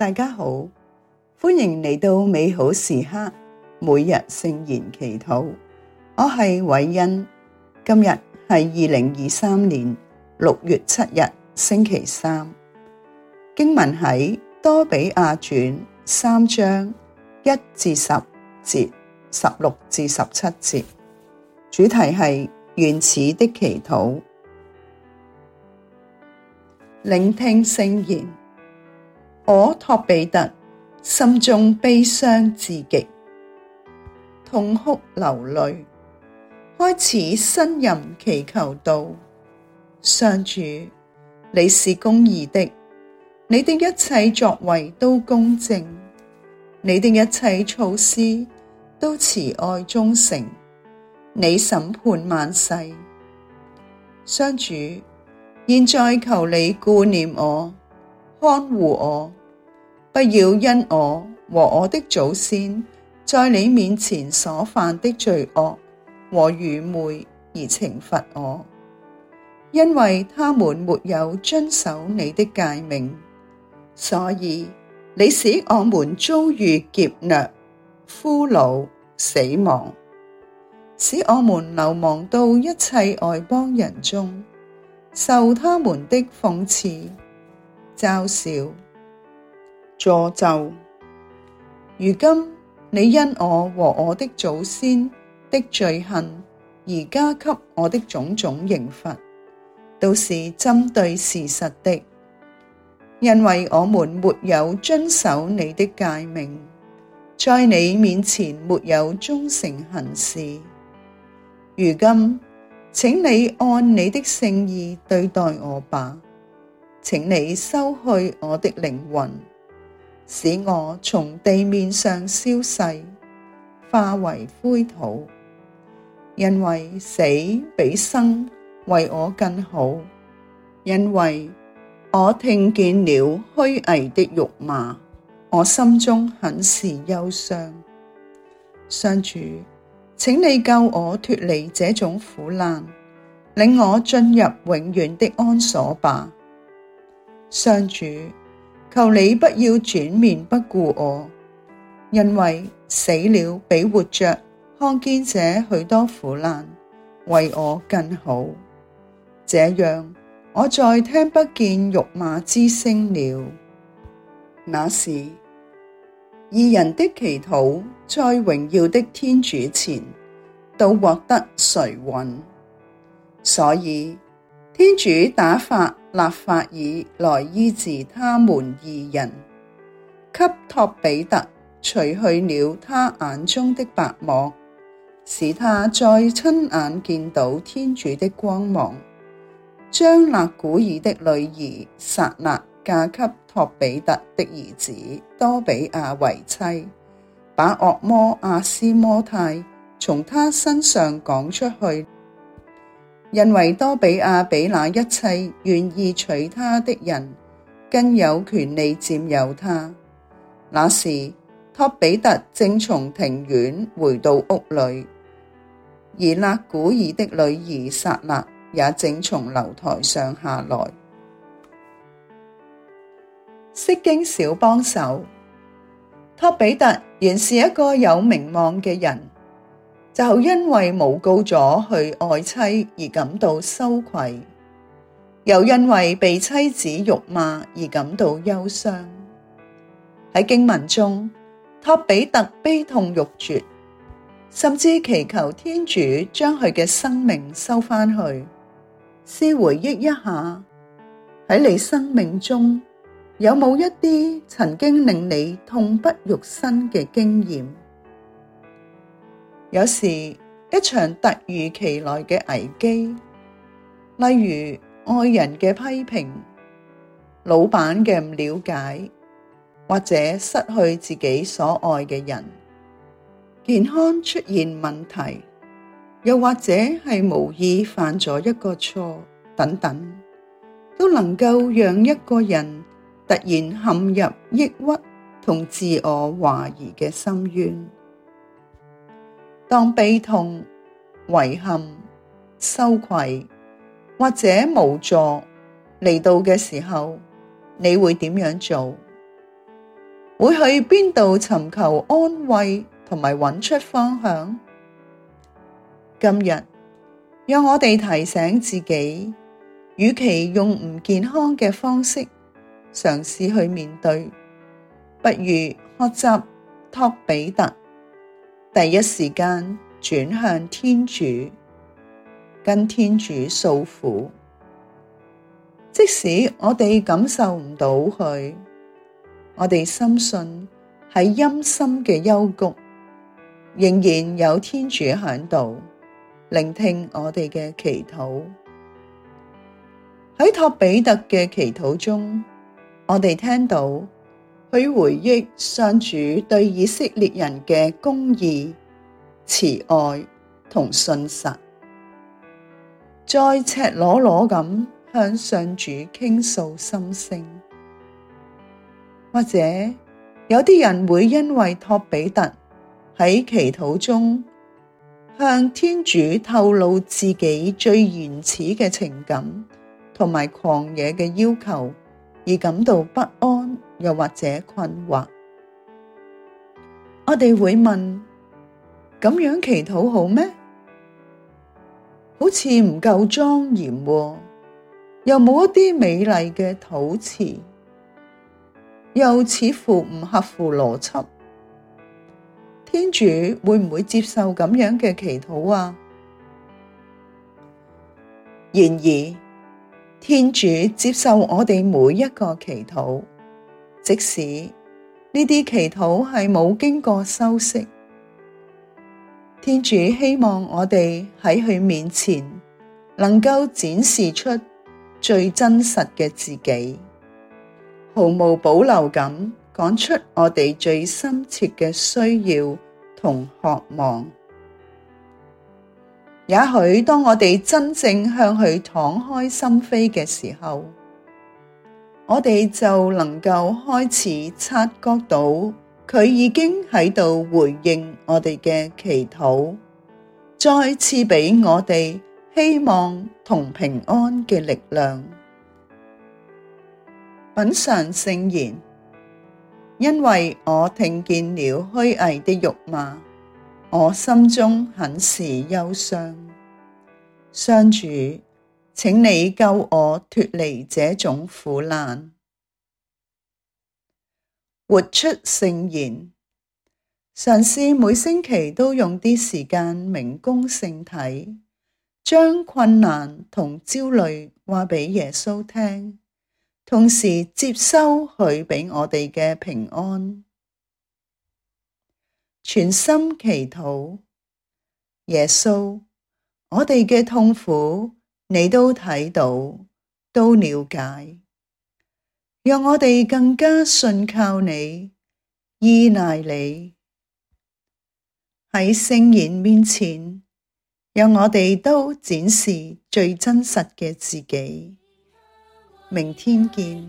大家好，歡迎嚟到美好時刻，每日聖言祈禱。我係偉恩，今日係二零二三年六月七日星期三。經文喺多比亞傳三章一至十節，十六至十七節。主題係原始的祈禱，聆聽聖言。我，托彼特，心中悲傷至極，痛哭流淚，開始呻吟祈求道：上主，你是公義的，你的一切作為都公正，你的一切措施都慈愛忠誠，你審判萬世。上主，現在求你顧念我，看護我。不要因我和我的祖先在你面前所犯的罪惡和愚昧而懲罰我，因為他們沒有遵守你的誡命，所以你使我們遭遇劫掠、俘虜、死亡，使我們流亡到一切外邦人中，受他們的諷刺、嘲笑、詛咒。如今你因我和我的祖先的罪行，而加給我的種種刑罰，都是針對事實的，因為我們沒有遵守你的誡命，在你面前沒有忠誠行事。如今，請你按你的聖意對待我吧，請你收去我的靈魂。使我從地面上消逝，化為灰土，因為死比生為我更好。因為我聽見了虛偽的辱罵，我心中很是憂傷。上主，請你救我脫離這種苦難，領我進入永遠的安所吧，上主。求你不要轉面不顧我，因為死了比活着看見這許多苦難，為我更好。這樣，我再聽不見辱罵之聲了。那時，二人的祈禱，在榮耀的天主前，都獲得垂允。所以天主打發。辣法耳來醫治他們二人，給托彼特除去了他眼中的白膜，使他再親眼見到天主的光芒。將辣古耳的女兒撒辣嫁給托彼特的兒子多俾亞為妻，把惡魔阿斯摩太從她身上趕出去。因為多俾亞比那一切願意娶她的人，更有權利佔有她。那時，托彼特正從庭院回到屋裏，而辣古耳的女兒撒辣也正從樓台上下來。釋經小幫手，托彼特原是一個有名望嘅人。就因為誣告咗佢愛妻而感到羞愧，又因為被妻子辱罵而感到憂傷。喺經文中，托彼特悲痛欲絕，甚至祈求天主將佢嘅生命收翻去。試回憶一下，喺你生命中有冇一啲曾經令你痛不欲生嘅經驗？有時，一場突如其來嘅危機，例如愛人嘅批評、老闆嘅唔了解，或者失去自己所愛嘅人，健康出現問題，又或者係無意犯咗一個錯等等，都能夠讓一個人突然陷入抑鬱同自我懷疑嘅深淵。當悲痛、遺憾、羞愧或者無助嚟到嘅時候，你會點樣做？會去邊度尋求安慰同埋揾出方向？今日，讓我哋提醒自己，與其用唔健康嘅方式嘗試去面對，不如學習托彼特。第一時間轉向天主，跟天主訴苦。即使我哋感受唔到佢，我哋深信喺陰森嘅幽谷，仍然有天主喺度聆聽我哋嘅祈禱。喺托彼特嘅祈禱中，我哋聽到。佢回憶上主對以色列人嘅公義、慈愛同信實，再赤裸裸咁向上主傾訴心聲，或者有啲人會因為托彼特喺祈禱中向天主透露自己最原始嘅情感同埋狂野嘅要求而感到不安，又或者困惑，我哋會問，咁樣祈禱好咩？好似唔夠莊嚴喎，又冇一啲美麗嘅禱詞，又似乎唔合乎邏輯。天主會唔會接受咁樣嘅祈禱啊？然而，天主接受我哋每一個祈禱。即使呢啲祈禱係冇經過修飾，天主希望我哋喺佢面前能夠展示出最真實嘅自己，毫無保留咁講出我哋最深切嘅需要同渴望。也許當我哋真正向佢敞開心扉嘅時候。我哋就能夠開始察覺到佢已經喺度回應我哋嘅祈禱，再賜畀我哋希望同平安嘅力量。品嚐聖言，因為我聽見了虛偽的辱罵，我心中很是憂傷。上主！請你救我脫離這種苦難，活出聖言。嘗試每星期都用啲時間明供聖體，將困難同焦慮話俾耶穌聽，同時接收佢畀我哋嘅平安。全心祈禱，耶穌，我哋嘅痛苦。你都睇到，都了解，讓我哋更加信靠你，依賴你。喺聖言面前，讓我哋都展示最真實嘅自己。明天見。